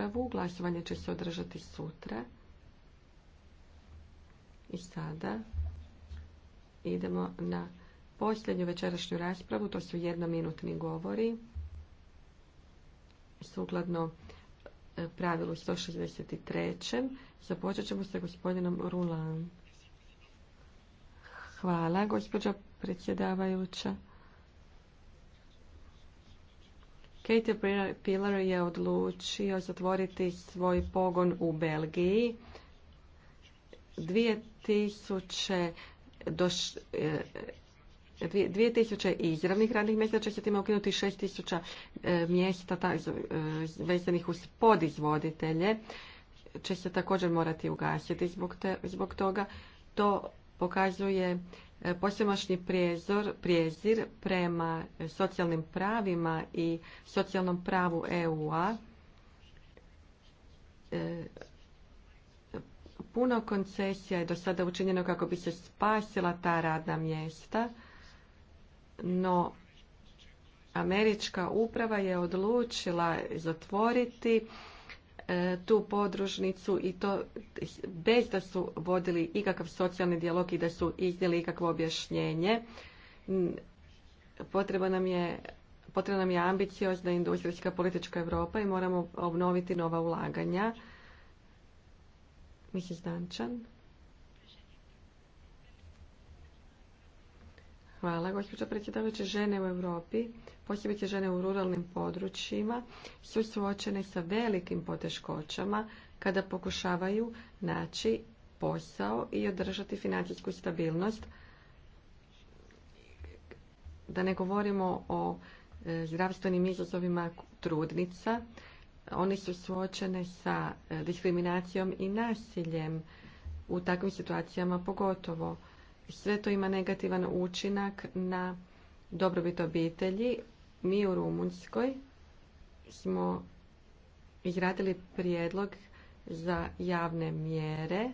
raspravu. Glasovanje će se održati sutra. I sada idemo na posljednju večerašnju raspravu. To su jednominutni govori. Sukladno e, pravilu 163. Započet ćemo sa gospodinom Rulan. Hvala, gospođa predsjedavajuća. Katie Piller je odlučio zatvoriti svoj pogon u Belgiji. 2000 do 2000 izravnih radnih mjesta će se time ukinuti 6000 e, mjesta e, vezanih uz podizvoditelje će se također morati ugasiti zbog, zbog toga. To pokazuje E, posljednošnji prijezor, prijezir prema socijalnim pravima i socijalnom pravu EU-a e, puno koncesija je do sada učinjeno kako bi se spasila ta radna mjesta, no američka uprava je odlučila zatvoriti E, tu podružnicu i to bez da su vodili ikakav socijalni dijalog i da su iznijeli ikakvo objašnjenje. Potreba nam je potrebna nam je ambiciozna industrijska politička Europa i moramo obnoviti nova ulaganja. Mrs. Dančan. Hvala, gospođo predsjedavajuće. Žene u Europi posebice žene u ruralnim područjima, su suočene sa velikim poteškoćama kada pokušavaju naći posao i održati financijsku stabilnost. Da ne govorimo o e, zdravstvenim izazovima trudnica. oni su suočene sa e, diskriminacijom i nasiljem u takvim situacijama pogotovo. Sve to ima negativan učinak na dobrobit obitelji, mi u Rumunjskoj smo izradili prijedlog za javne mjere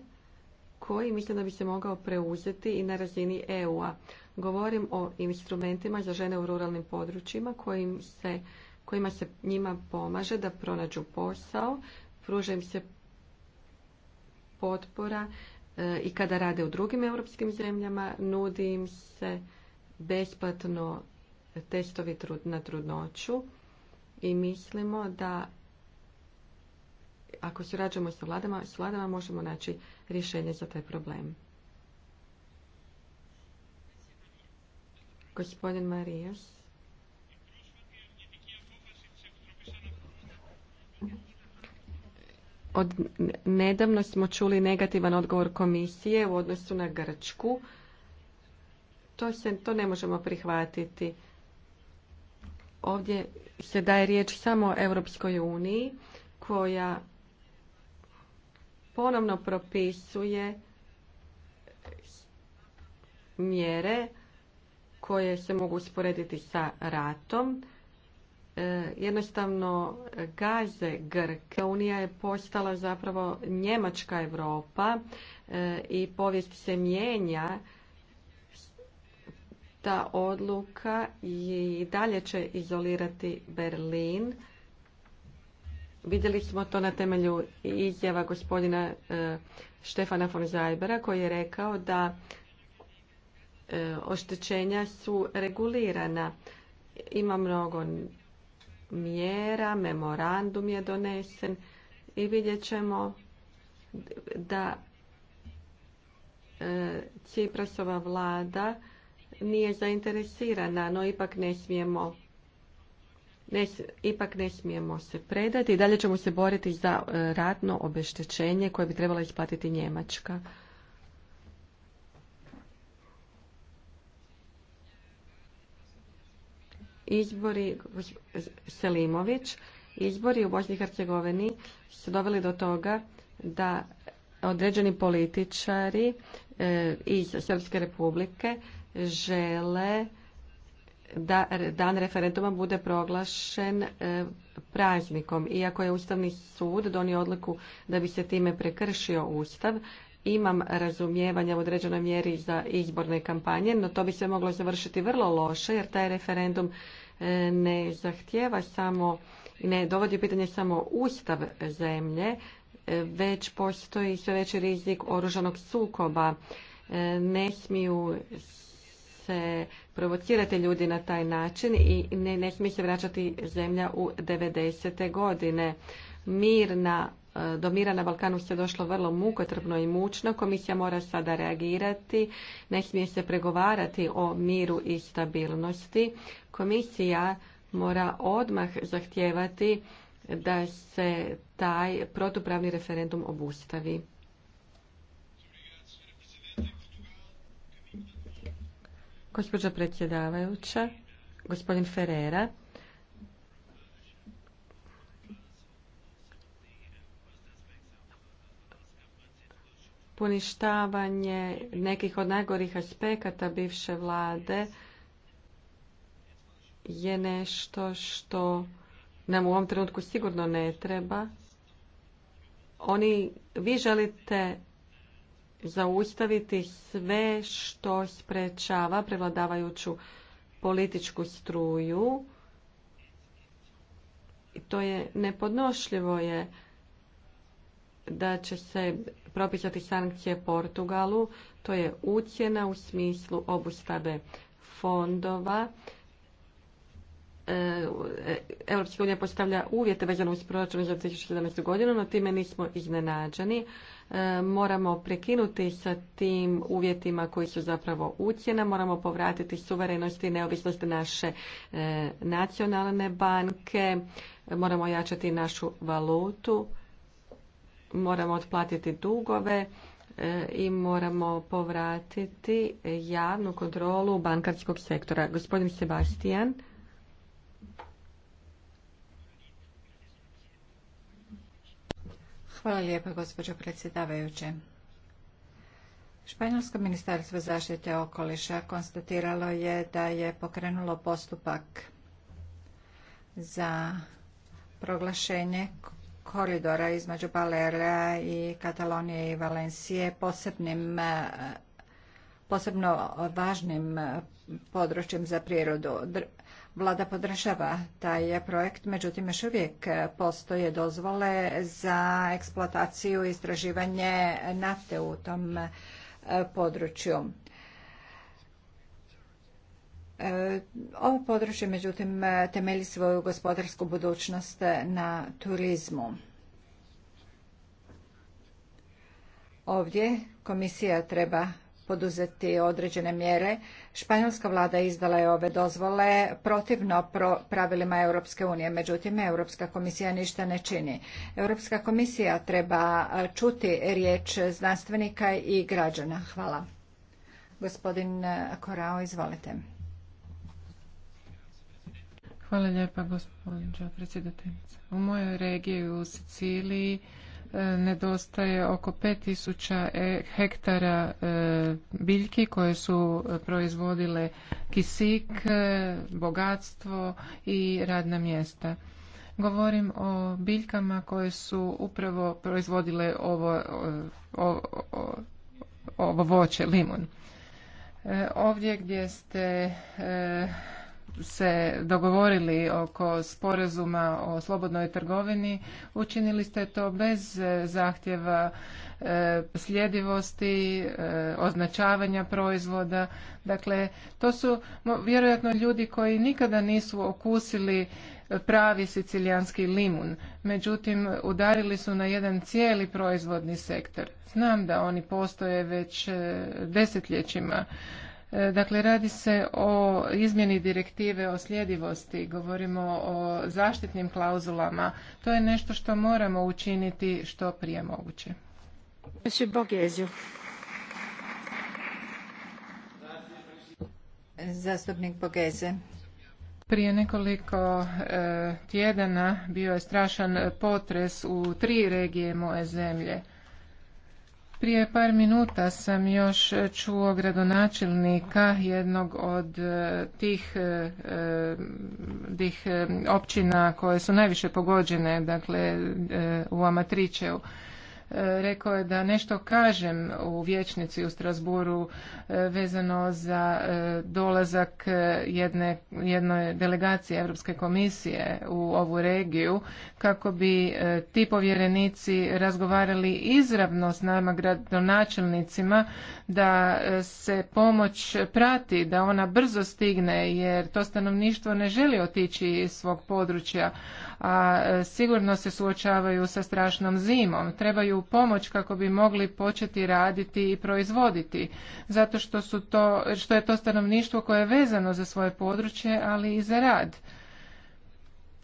koji mislim da bi se mogao preuzeti i na razini EU-a. Govorim o instrumentima za žene u ruralnim područjima kojim se, kojima se njima pomaže da pronađu posao, pruža im se potpora e, i kada rade u drugim europskim zemljama, nudi im se besplatno testovi na trudnoću i mislimo da ako surađujemo sa vladama, s vladama možemo naći rješenje za taj problem. Gospodin Marijas. Od nedavno smo čuli negativan odgovor komisije u odnosu na Grčku. To, se, to ne možemo prihvatiti. Ovdje se daje riječ samo Europskoj uniji koja ponovno propisuje mjere koje se mogu usporediti sa ratom. E, jednostavno gaze Grke. Unija je postala zapravo Njemačka Europa e, i povijest se mijenja ta odluka i dalje će izolirati Berlin. Vidjeli smo to na temelju izjava gospodina e, Štefana von Zajbera koji je rekao da e, oštećenja su regulirana. Ima mnogo mjera, memorandum je donesen i vidjet ćemo da e, Ciprasova vlada nije zainteresirana, no ipak ne smijemo ipak ne smijemo se predati i dalje ćemo se boriti za e, ratno obeštećenje koje bi trebala isplatiti Njemačka. Izbori Selimović, izbori u Bosni i Hercegovini su doveli do toga da određeni političari e, iz Srpske republike žele da dan referenduma bude proglašen e, praznikom. Iako je Ustavni sud donio odluku da bi se time prekršio Ustav, imam razumijevanja u određenoj mjeri za izborne kampanje, no to bi se moglo završiti vrlo loše jer taj referendum e, ne zahtjeva samo i ne dovodi u pitanje samo Ustav zemlje, e, već postoji sve veći rizik oružanog sukoba. Ne smiju se provocirati ljudi na taj način i ne, smije se vraćati zemlja u 90. godine. E, do mira na Balkanu se došlo vrlo mukotrpno i mučno. Komisija mora sada reagirati. Ne smije se pregovarati o miru i stabilnosti. Komisija mora odmah zahtijevati da se taj protupravni referendum obustavi. Gospođo predsjedavajuća, gospodin Ferrera. Poništavanje nekih od najgorih aspekata bivše vlade je nešto što nam u ovom trenutku sigurno ne treba. Oni, vi želite zaustaviti sve što sprečava prevladavajuću političku struju. I to je nepodnošljivo je da će se propisati sankcije Portugalu. To je ucjena u smislu obustave fondova. E, Europska unija postavlja uvjete vezano uz proračun za 2017. godinu, no time nismo iznenađeni. E, moramo prekinuti sa tim uvjetima koji su zapravo ucjena, moramo povratiti suverenost i neovisnost naše e, nacionalne banke, moramo jačati našu valutu, moramo otplatiti dugove e, i moramo povratiti javnu kontrolu bankarskog sektora. Gospodin Sebastian, Hvala lijepa, gospođo predsjedavajuće. Španjolsko ministarstvo zaštite okoliša konstatiralo je da je pokrenulo postupak za proglašenje koridora između Balera i Katalonije i Valencije posebno važnim područjem za prirodu. Vlada podržava taj projekt, međutim još uvijek postoje dozvole za eksploataciju i istraživanje nafte u tom e, području. E, ovo područje, međutim, temelji svoju gospodarsku budućnost na turizmu. Ovdje komisija treba poduzeti određene mjere. Španjolska vlada izdala je ove dozvole protivno pravilima Europske unije, međutim Europska komisija ništa ne čini. Europska komisija treba čuti riječ znanstvenika i građana. Hvala. Gospodin Korao, izvolite. Hvala lijepa, U mojoj regiji u Siciliji E, nedostaje oko 5000 e, hektara e, biljki koje su proizvodile kisik, bogatstvo i radna mjesta. Govorim o biljkama koje su upravo proizvodile ovo, ovo, ovo voće, limun. Ovdje gdje ste se dogovorili oko sporazuma o slobodnoj trgovini, učinili ste to bez e, zahtjeva e, sljedivosti, e, označavanja proizvoda. Dakle, to su vjerojatno ljudi koji nikada nisu okusili pravi sicilijanski limun. Međutim, udarili su na jedan cijeli proizvodni sektor. Znam da oni postoje već desetljećima E, dakle, radi se o izmjeni direktive o sljedivosti, govorimo o zaštitnim klauzulama. To je nešto što moramo učiniti što prije moguće. Zastupnik Bogeze. Prije nekoliko e, tjedana bio je strašan potres u tri regije moje zemlje prije par minuta sam još čuo gradonačelnika jednog od e, tih, e, e, tih općina koje su najviše pogođene, dakle u amatričevu rekao je da nešto kažem u vječnici u Strasburu e, vezano za e, dolazak jedne, jednoj delegacije Europske komisije u ovu regiju kako bi e, ti povjerenici razgovarali izravno s nama gradonačelnicima da se pomoć prati, da ona brzo stigne jer to stanovništvo ne želi otići iz svog područja a e, sigurno se suočavaju sa strašnom zimom. Trebaju pomoć kako bi mogli početi raditi i proizvoditi, zato što, su to, što je to stanovništvo koje je vezano za svoje područje, ali i za rad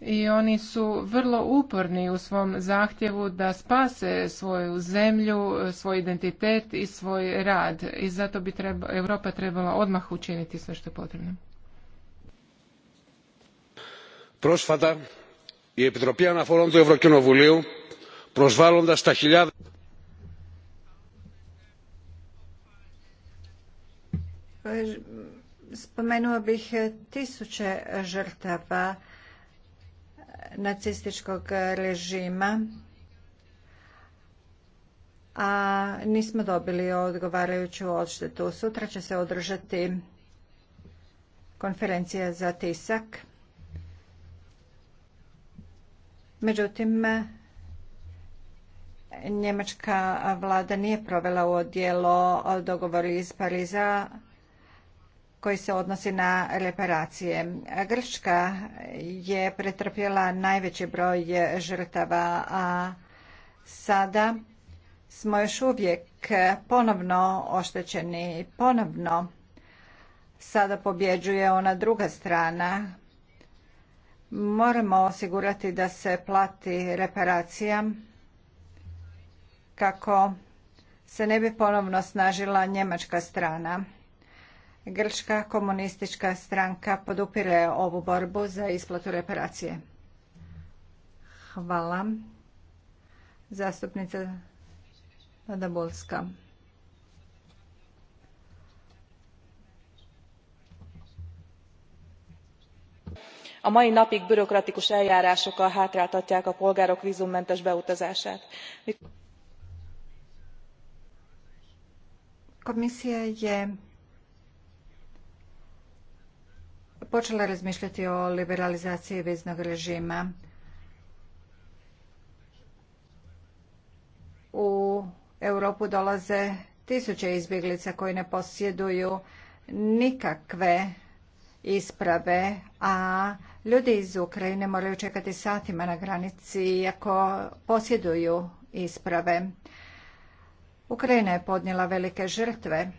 i oni su vrlo uporni u svom zahtjevu da spase svoju zemlju, svoj identitet i svoj rad i zato bi treba, Europa trebala odmah učiniti sve što je potrebno η επιτροπή αναφορών του ευρωκοινοβουλίου προσβάλλοντας τα χιλιάδες spomenuo bih tisuće žrtava nacističkog režima a nismo dobili odgovarajuću odštetu. Sutra će se održati konferencija za tisak. Međutim, njemačka vlada nije provela u odjelo dogovor iz Pariza koji se odnosi na reparacije. Grčka je pretrpjela najveći broj žrtava, a sada smo još uvijek ponovno oštećeni. Ponovno sada pobjeđuje ona druga strana Moramo osigurati da se plati reparacija kako se ne bi ponovno snažila njemačka strana. Grčka komunistička stranka podupire ovu borbu za isplatu reparacije. Hvala. Zastupnica Nadabulska. a mai napig bürokratikus eljárásokkal hátráltatják a polgárok vzummentes beutazását. komisija je počela razmišljati o liberalizaciji viznog režima u europu dolaze tisuće izbjeglica koji ne posjeduju nikakve isprave a Ljudi iz Ukrajine moraju čekati satima na granici iako posjeduju isprave. Ukrajina je podnijela velike žrtve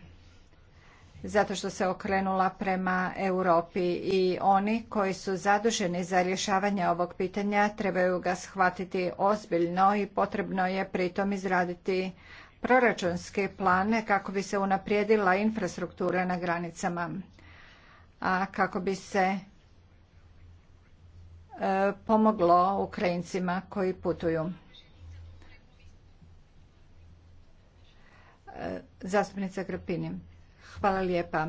zato što se okrenula prema Europi i oni koji su zaduženi za rješavanje ovog pitanja trebaju ga shvatiti ozbiljno i potrebno je pritom izraditi proračunske plane kako bi se unaprijedila infrastruktura na granicama, a kako bi se E, pomoglo Ukrajincima koji putuju. E, Zastupnica Grpini, Hvala lijepa.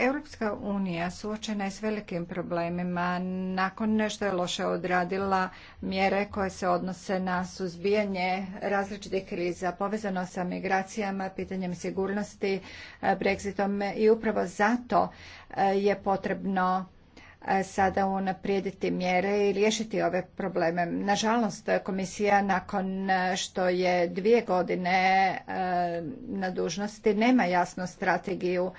Europska unija suočena je s velikim problemima nakon nešto je loše odradila mjere koje se odnose na suzbijanje različitih kriza povezano sa migracijama, pitanjem sigurnosti, e, Brexitom i upravo zato e, je potrebno e, sada unaprijediti mjere i riješiti ove probleme. Nažalost, komisija nakon što je dvije godine na dužnosti nema jasnu strategiju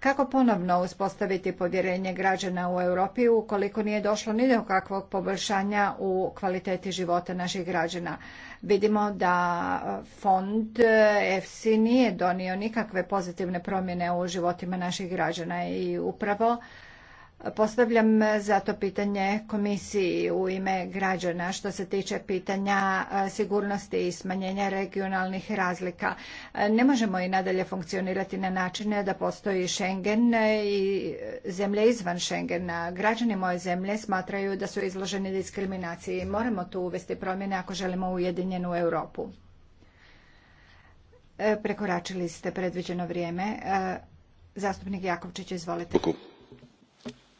kako ponovno uspostaviti povjerenje građana u Europi ukoliko nije došlo ni do kakvog poboljšanja u kvaliteti života naših građana? Vidimo da fond FC nije donio nikakve pozitivne promjene u životima naših građana i upravo Postavljam zato pitanje komisiji u ime građana što se tiče pitanja sigurnosti i smanjenja regionalnih razlika. Ne možemo i nadalje funkcionirati na načine da postoji Schengen i zemlje izvan Schengena. Građani moje zemlje smatraju da su izloženi diskriminaciji. Moramo tu uvesti promjene ako želimo ujedinjenu Europu. E, prekoračili ste predviđeno vrijeme. E, zastupnik Jakovčić, izvolite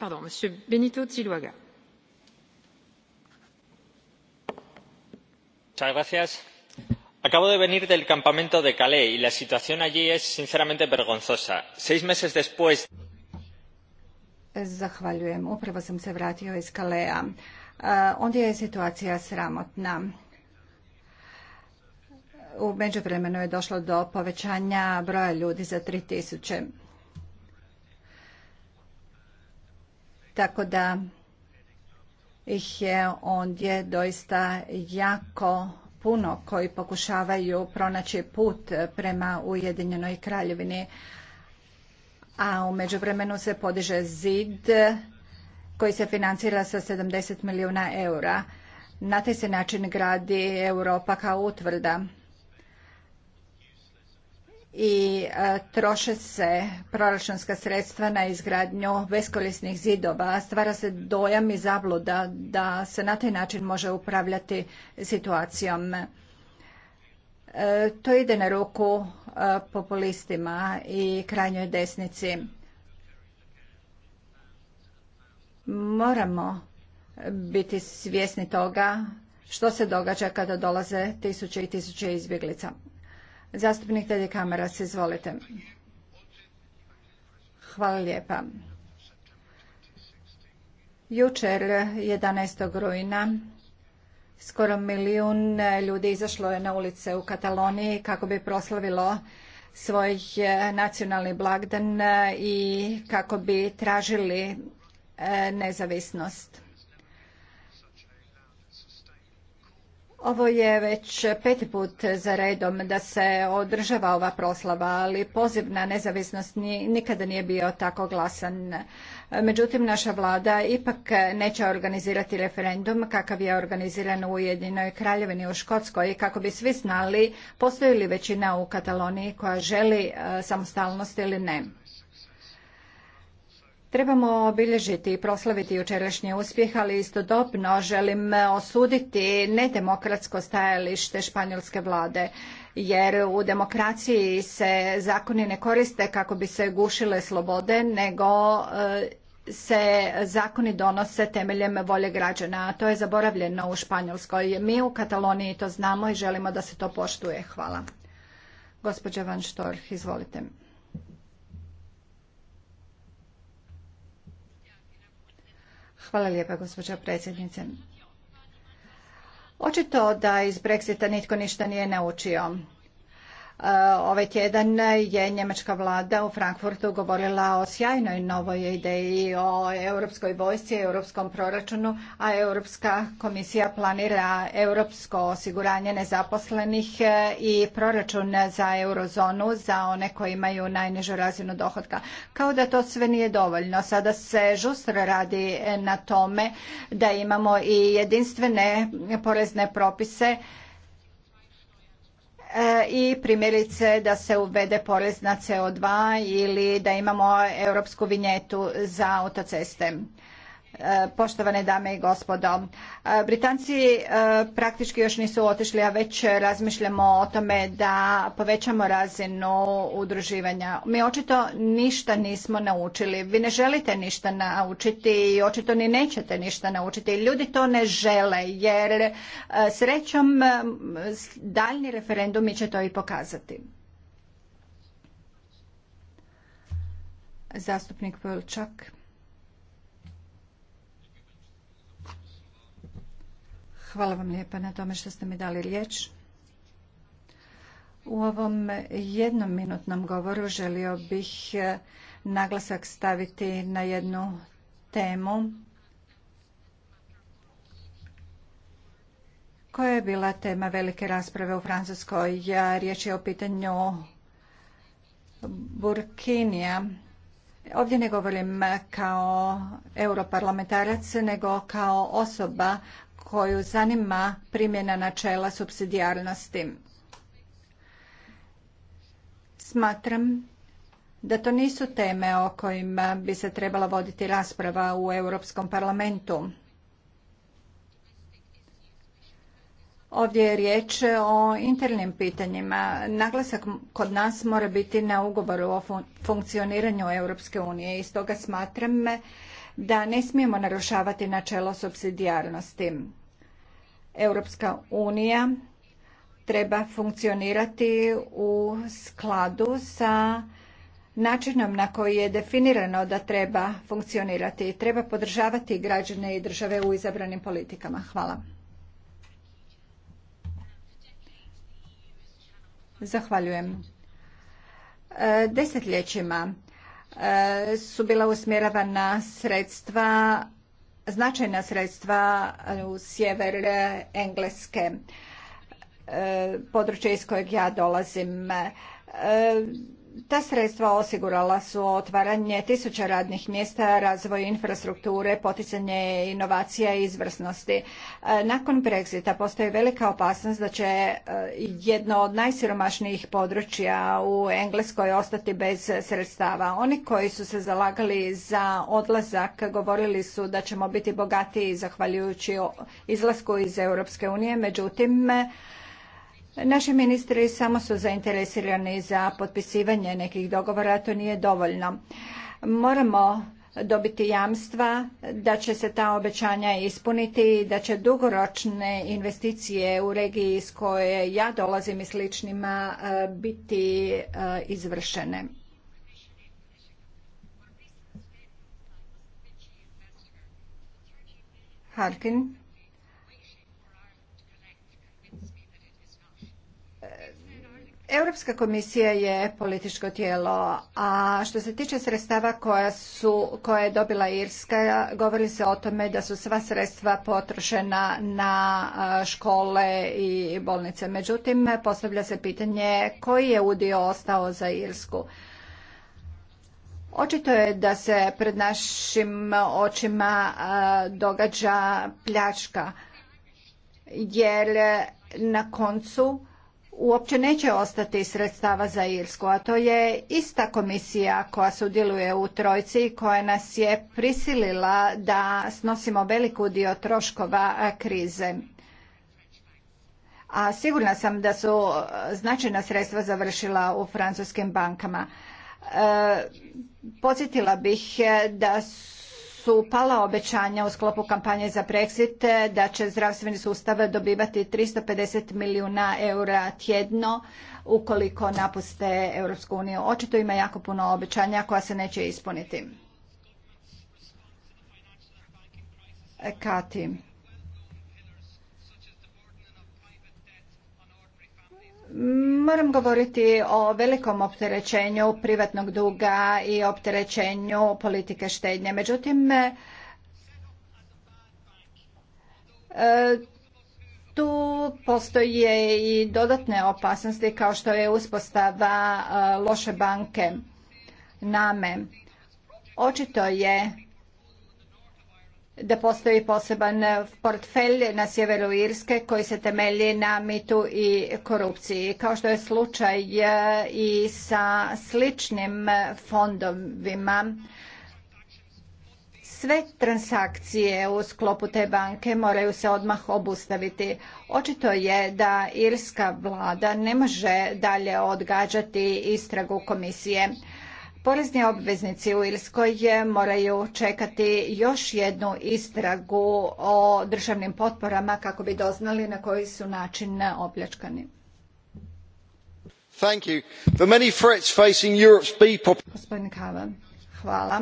Pardon, monsieur Benito Ziluaga. gracias. Acabo de venir del campamento de Calais y la situación allí es sinceramente vergonzosa. Seis meses después. Zahvaljujem. Upravo sam se vratio iz Kalea. E, ondje je situacija sramotna. U međuvremenu je došlo do povećanja broja ljudi za 3000. Tako da ih je ondje doista jako puno koji pokušavaju pronaći put prema Ujedinjenoj kraljevini. A u međuvremenu se podiže zid koji se financira sa 70 milijuna eura. Na taj se način gradi Europa kao utvrda i e, troše se proračunska sredstva na izgradnju beskorisnih zidova. Stvara se dojam i zabluda da se na taj način može upravljati situacijom. E, to ide na ruku e, populistima i krajnjoj desnici. Moramo biti svjesni toga što se događa kada dolaze tisuće i tisuće izbjeglica. Zastupnik Telje Kamaras, izvolite. Hvala lijepa. Jučer, 11. rujna, skoro milijun ljudi izašlo je na ulice u Kataloniji kako bi proslavilo svoj e, nacionalni blagdan e, i kako bi tražili e, nezavisnost. Ovo je već peti put za redom da se održava ova proslava, ali poziv na nezavisnost nikada nije bio tako glasan. Međutim, naša vlada ipak neće organizirati referendum kakav je organiziran u Ujedinoj kraljevini u Škotskoj kako bi svi znali postoji li većina u Kataloniji koja želi e, samostalnost ili ne. Trebamo obilježiti i proslaviti jučerašnji uspjeh, ali istodobno želim osuditi nedemokratsko stajalište španjolske vlade, jer u demokraciji se zakoni ne koriste kako bi se gušile slobode, nego e, se zakoni donose temeljem volje građana, a to je zaboravljeno u Španjolskoj. Mi u Kataloniji to znamo i želimo da se to poštuje. Hvala. Gospođa Van Štorh, izvolite. Hvala lijepa, gospođo predsjednice. Očito da iz Brexita nitko ništa nije naučio. Ovaj tjedan je njemačka vlada u Frankfurtu govorila o sjajnoj novoj ideji o europskoj vojsci, europskom proračunu, a Europska komisija planira europsko osiguranje nezaposlenih e, i proračun za eurozonu za one koji imaju najnižu razinu dohotka. Kao da to sve nije dovoljno. Sada se žustro radi na tome da imamo i jedinstvene porezne propise E, i primjerice da se uvede porez na CO2 ili da imamo europsku vinjetu za autoceste. Poštovane dame i gospodo, e, Britanci e, praktički još nisu otišli, a već razmišljamo o tome da povećamo razinu udruživanja. Mi očito ništa nismo naučili. Vi ne želite ništa naučiti i očito ni nećete ništa naučiti. Ljudi to ne žele jer e, srećom daljni referendumi će to i pokazati. Zastupnik Polčak. Hvala vam lijepa na tome što ste mi dali riječ. U ovom jednom minutnom govoru želio bih e, naglasak staviti na jednu temu koja je bila tema velike rasprave u Francuskoj. Riječ je o pitanju Burkinija. Ovdje ne govorim kao europarlamentarac, nego kao osoba koju zanima primjena načela subsidijarnosti. Smatram da to nisu teme o kojima bi se trebala voditi rasprava u Europskom parlamentu. Ovdje je riječ o internim pitanjima. Naglasak kod nas mora biti na ugovoru o funkcioniranju Europske unije i stoga smatram da ne smijemo narušavati načelo subsidijarnosti. Europska unija treba funkcionirati u skladu sa načinom na koji je definirano da treba funkcionirati i treba podržavati građane i države u izabranim politikama. Hvala. Zahvaljujem. E, desetljećima e, su bila usmjeravana sredstva značajna sredstva u sjever Engleske, e, područje iz kojeg ja dolazim. E, ta sredstva osigurala su otvaranje tisuća radnih mjesta, razvoj infrastrukture, poticanje inovacija i izvrsnosti. E, nakon Brexita postoji velika opasnost da će e, jedno od najsiromašnijih područja u Engleskoj ostati bez sredstava. Oni koji su se zalagali za odlazak govorili su da ćemo biti bogatiji zahvaljujući izlasku iz Europske unije, međutim Naši ministri samo su zainteresirani za potpisivanje nekih dogovora, to nije dovoljno. Moramo dobiti jamstva da će se ta obećanja ispuniti i da će dugoročne investicije u regiji iz koje ja dolazim i sličnima e, biti e, izvršene. Harkin. Europska komisija je političko tijelo, a što se tiče sredstava koja, su, je dobila Irska, govori se o tome da su sva sredstva potrošena na škole i bolnice. Međutim, postavlja se pitanje koji je udio ostao za Irsku. Očito je da se pred našim očima događa pljačka, jer na koncu uopće neće ostati sredstava za Irsku, a to je ista komisija koja sudjeluje u trojci i koja nas je prisilila da snosimo veliku dio troškova krize. A sigurna sam da su e, značajna sredstva završila u francuskim bankama. E, podsjetila bih e, da su su pala obećanja u sklopu kampanje za Brexit eh, da će zdravstveni sustav dobivati 350 milijuna eura tjedno ukoliko napuste Europsku uniju. Očito ima jako puno obećanja koja se neće ispuniti. Eh, Kati. Moram govoriti o velikom opterećenju privatnog duga i opterećenju politike štednje. Međutim, e, tu postoje i dodatne opasnosti kao što je uspostava e, loše banke name. Očito je da postoji poseban portfelj na sjeveru Irske koji se temelji na mitu i korupciji. Kao što je slučaj e, i sa sličnim fondovima, sve transakcije u sklopu te banke moraju se odmah obustaviti. Očito je da irska vlada ne može dalje odgađati istragu komisije. Porezni obveznici u Irskoj moraju čekati još jednu istragu o državnim potporama kako bi doznali na koji su način opljačkani. Gospodin hvala.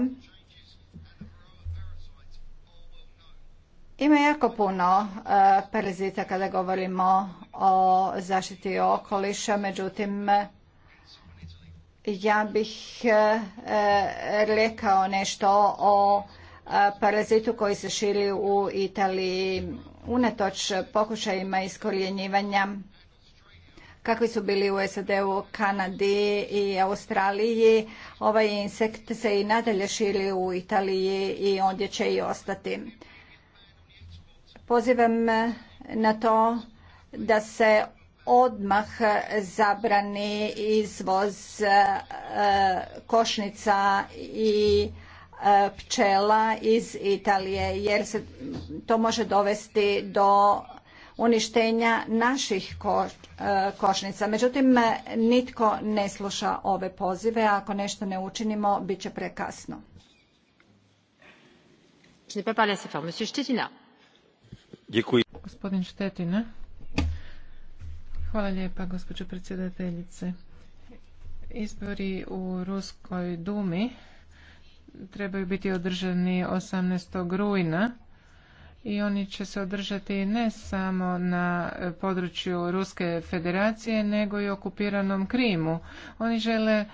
Ima jako puno e, parazita kada govorimo o zaštiti okoliša, međutim ja bih e, e, rekao nešto o e, parazitu koji se širi u Italiji unatoč pokušajima iskorjenjivanja kakvi su bili u SAD-u, Kanadi i Australiji. Ovaj insekt se i nadalje širi u Italiji i ondje će i ostati. Pozivam na to da se odmah zabrani izvoz e, košnica i e, pčela iz Italije jer se to može dovesti do uništenja naših e, košnica. Međutim, nitko ne sluša ove pozive, a ako nešto ne učinimo, bit će prekasno. Gospodin Štetina. Hvala lijepa, gospođo predsjedateljice. Izbori u Ruskoj dumi trebaju biti održani 18. rujna i oni će se održati ne samo na području Ruske federacije, nego i okupiranom Krimu. Oni žele e,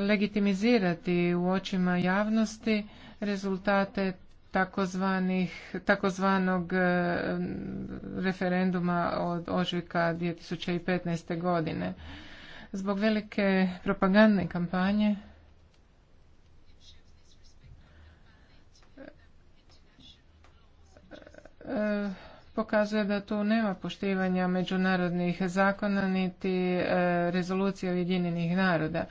legitimizirati u očima javnosti rezultate takozvanog e, referenduma od ožujka 2015. godine. Zbog velike propagandne kampanje e, pokazuje da tu nema poštivanja međunarodnih zakona niti e, rezolucije Ujedinjenih naroda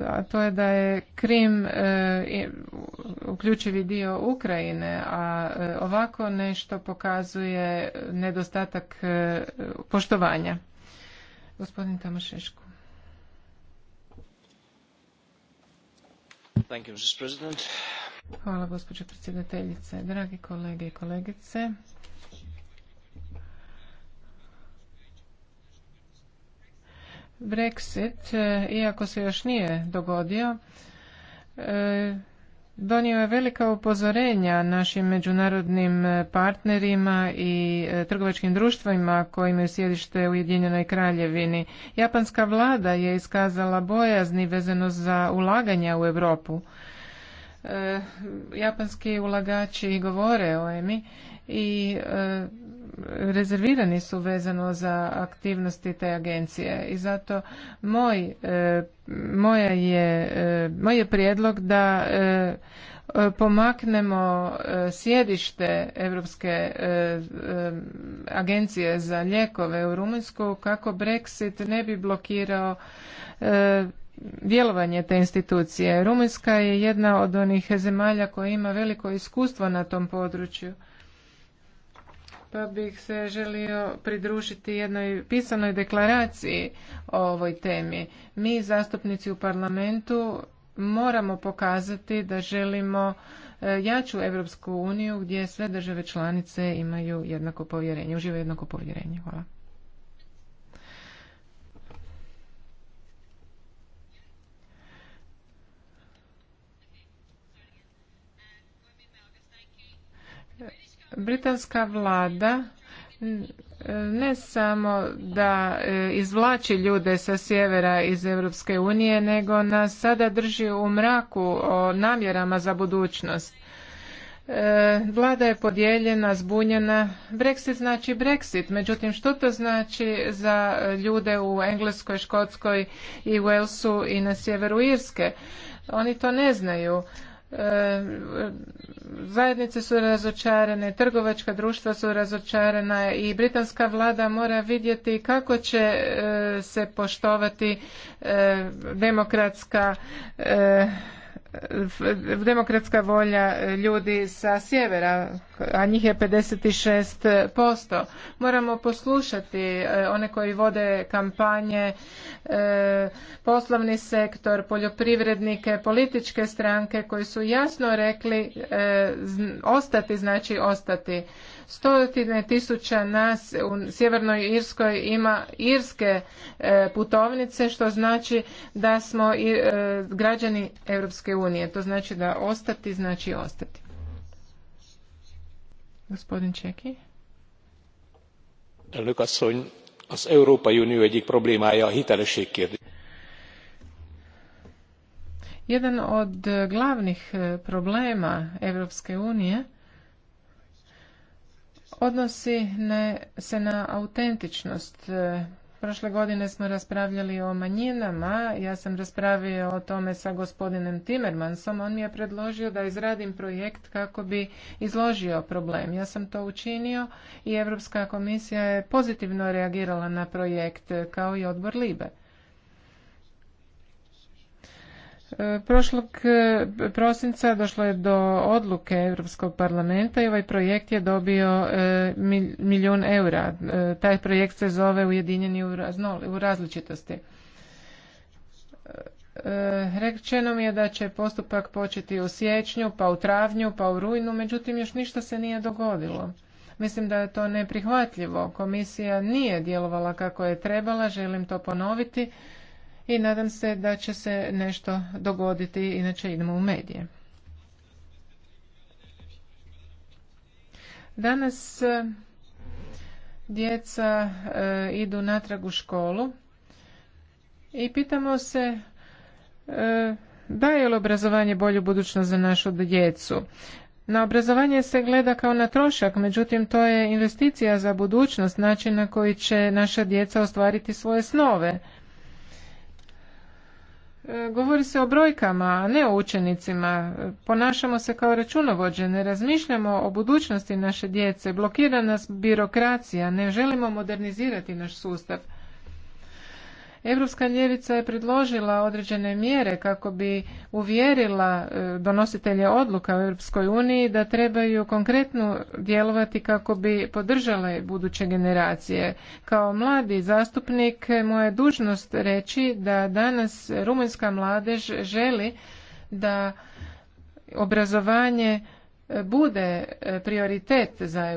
a to je da je Krim e, uključivi dio Ukrajine, a e, ovako nešto pokazuje nedostatak e, poštovanja. Gospodin President. Hvala gospođo predsjedateljice. Dragi kolege i kolegice, Brexit, e, iako se još nije dogodio, e, donio je velika upozorenja našim međunarodnim partnerima i e, trgovačkim društvima kojima je sjedište u Ujedinjenoj kraljevini. Japanska vlada je iskazala bojazni vezano za ulaganja u Europu. Japanski ulagači govore o EMI i rezervirani su vezano za aktivnosti te agencije i zato moj e, moja je e, moj je prijedlog da e, pomaknemo sjedište Europske agencije za lijekove u Rumunjsku kako Brexit ne bi blokirao djelovanje te institucije. Rumunjska je jedna od onih zemalja koja ima veliko iskustvo na tom području pa bih se želio pridružiti jednoj pisanoj deklaraciji o ovoj temi. Mi zastupnici u parlamentu moramo pokazati da želimo e, jaču Europsku uniju gdje sve države članice imaju jednako povjerenje, uživaju jednako povjerenje. Hvala. Britanska vlada ne samo da e, izvlači ljude sa sjevera iz Europske unije, nego nas sada drži u mraku o namjerama za budućnost. E, vlada je podijeljena, zbunjena. Brexit znači Brexit, međutim što to znači za ljude u Engleskoj, Škotskoj i Walesu i na sjeveru Irske? Oni to ne znaju. E, zajednice su razočarane, trgovačka društva su razočarana i britanska vlada mora vidjeti kako će e, se poštovati e, demokratska demokratska volja ljudi sa sjevera, a njih je 56%. Moramo poslušati e, one koji vode kampanje, e, poslovni sektor, poljoprivrednike, političke stranke koji su jasno rekli e, ostati znači ostati. Stotine tisuća nas u Sjevernoj Irskoj ima irske e, putovnice, što znači da smo i e, građani Europske unije. To znači da ostati znači ostati. Gospodin Čeki. az Európai Unió egyik problémája a hitelesség Jedan od glavnih e, problema Europske unije odnosi ne, se na autentičnost. E, prošle godine smo raspravljali o manjinama, ja sam raspravio o tome sa gospodinem Timmermansom, on mi je predložio da izradim projekt kako bi izložio problem. Ja sam to učinio i Europska komisija je pozitivno reagirala na projekt kao i odbor Libe. E, prošlog e, prosinca došlo je do odluke Europskog parlamenta i ovaj projekt je dobio e, milijun eura. Taj projekt se zove Ujedinjeni u različitosti. Rečeno mi je da će postupak početi u siječnju, pa u travnju, pa u rujnu, međutim još ništa se nije dogodilo. Mislim da je to neprihvatljivo. Komisija nije djelovala kako je trebala, želim to ponoviti i nadam se da će se nešto dogoditi, inače idemo u medije. Danas e, djeca e, idu natrag u školu i pitamo se e, daje li obrazovanje bolju budućnost za našu djecu. Na obrazovanje se gleda kao na trošak, međutim to je investicija za budućnost, način na koji će naša djeca ostvariti svoje snove. E, govori se o brojkama, a ne o učenicima. E, ponašamo se kao računovođe, ne razmišljamo o budućnosti naše djece, blokira nas birokracija, ne želimo modernizirati naš sustav. Europska ljevica je predložila određene mjere kako bi uvjerila e, donositelje odluka u Europskoj uniji da trebaju konkretno djelovati kako bi podržale buduće generacije. Kao mladi zastupnik moja je dužnost reći da danas rumunjska mladež želi da obrazovanje e, bude e, prioritet za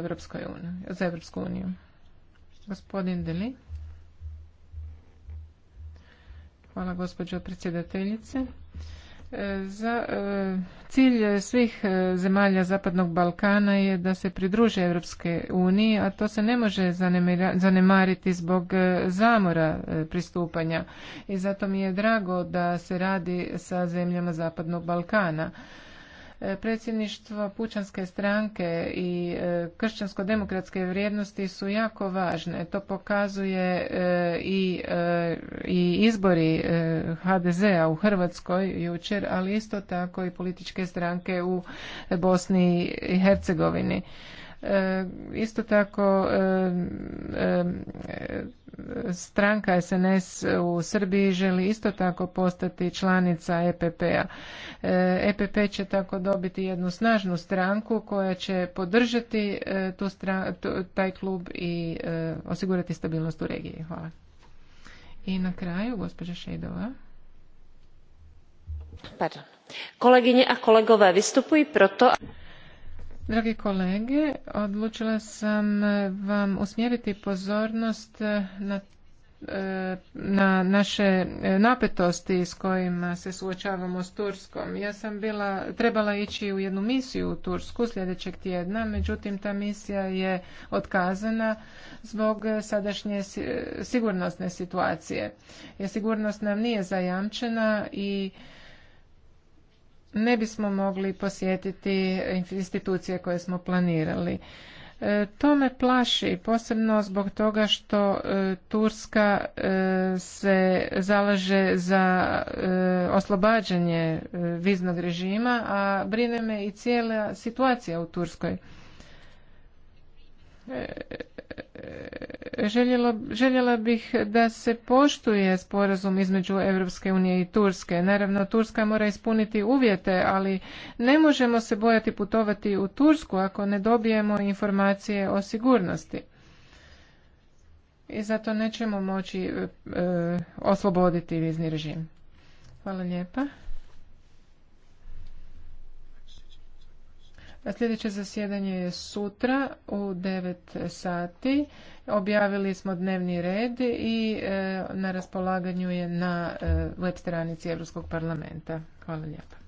Europsku uniju. Gospodin Deli. Hvala gospođo predsjedateljice. E, za, e, cilj svih e, zemalja Zapadnog Balkana je da se pridruže Europske uniji, a to se ne može zanemariti zbog zamora pristupanja. I zato mi je drago da se radi sa zemljama Zapadnog Balkana predsjedništvo pučanske stranke i e, kršćansko-demokratske vrijednosti su jako važne. To pokazuje e, i, e, i izbori HDZ-a u Hrvatskoj jučer, ali isto tako i političke stranke u Bosni i Hercegovini. E, isto tako e, e, stranka SNS u Srbiji želi isto tako postati članica EPP-a. EPP će tako dobiti jednu snažnu stranku koja će podržati taj klub i osigurati stabilnost u regiji. Hvala. I na kraju, gospođa Šejdova. Pardon. Koleginje a kolegové, vystupuji proto... Dragi kolege, odlučila sam vam usmjeriti pozornost na eh, na naše napetosti s kojima se suočavamo s Turskom. Ja sam bila, trebala ići u jednu misiju u Tursku sljedećeg tjedna, međutim ta misija je otkazana zbog sadašnje sigurnosne situacije. Jer sigurnost nam nije zajamčena i ne bismo mogli posjetiti institucije koje smo planirali. E, to me plaši, posebno zbog toga što e, Turska e, se zalaže za oslobađanje viznog režima, a brine me i cijela situacija u Turskoj Željelo, željela bih da se poštuje sporazum između Europske unije i Turske. Naravno, Turska mora ispuniti uvjete, ali ne možemo se bojati putovati u Tursku ako ne dobijemo informacije o sigurnosti. I zato nećemo moći e, e, osloboditi vizni režim. Hvala lijepa. Sljedeće zasjedanje je sutra u 9 sati. Objavili smo dnevni red i e, na raspolaganju je na e, web stranici Europskog parlamenta. Hvala lijepa.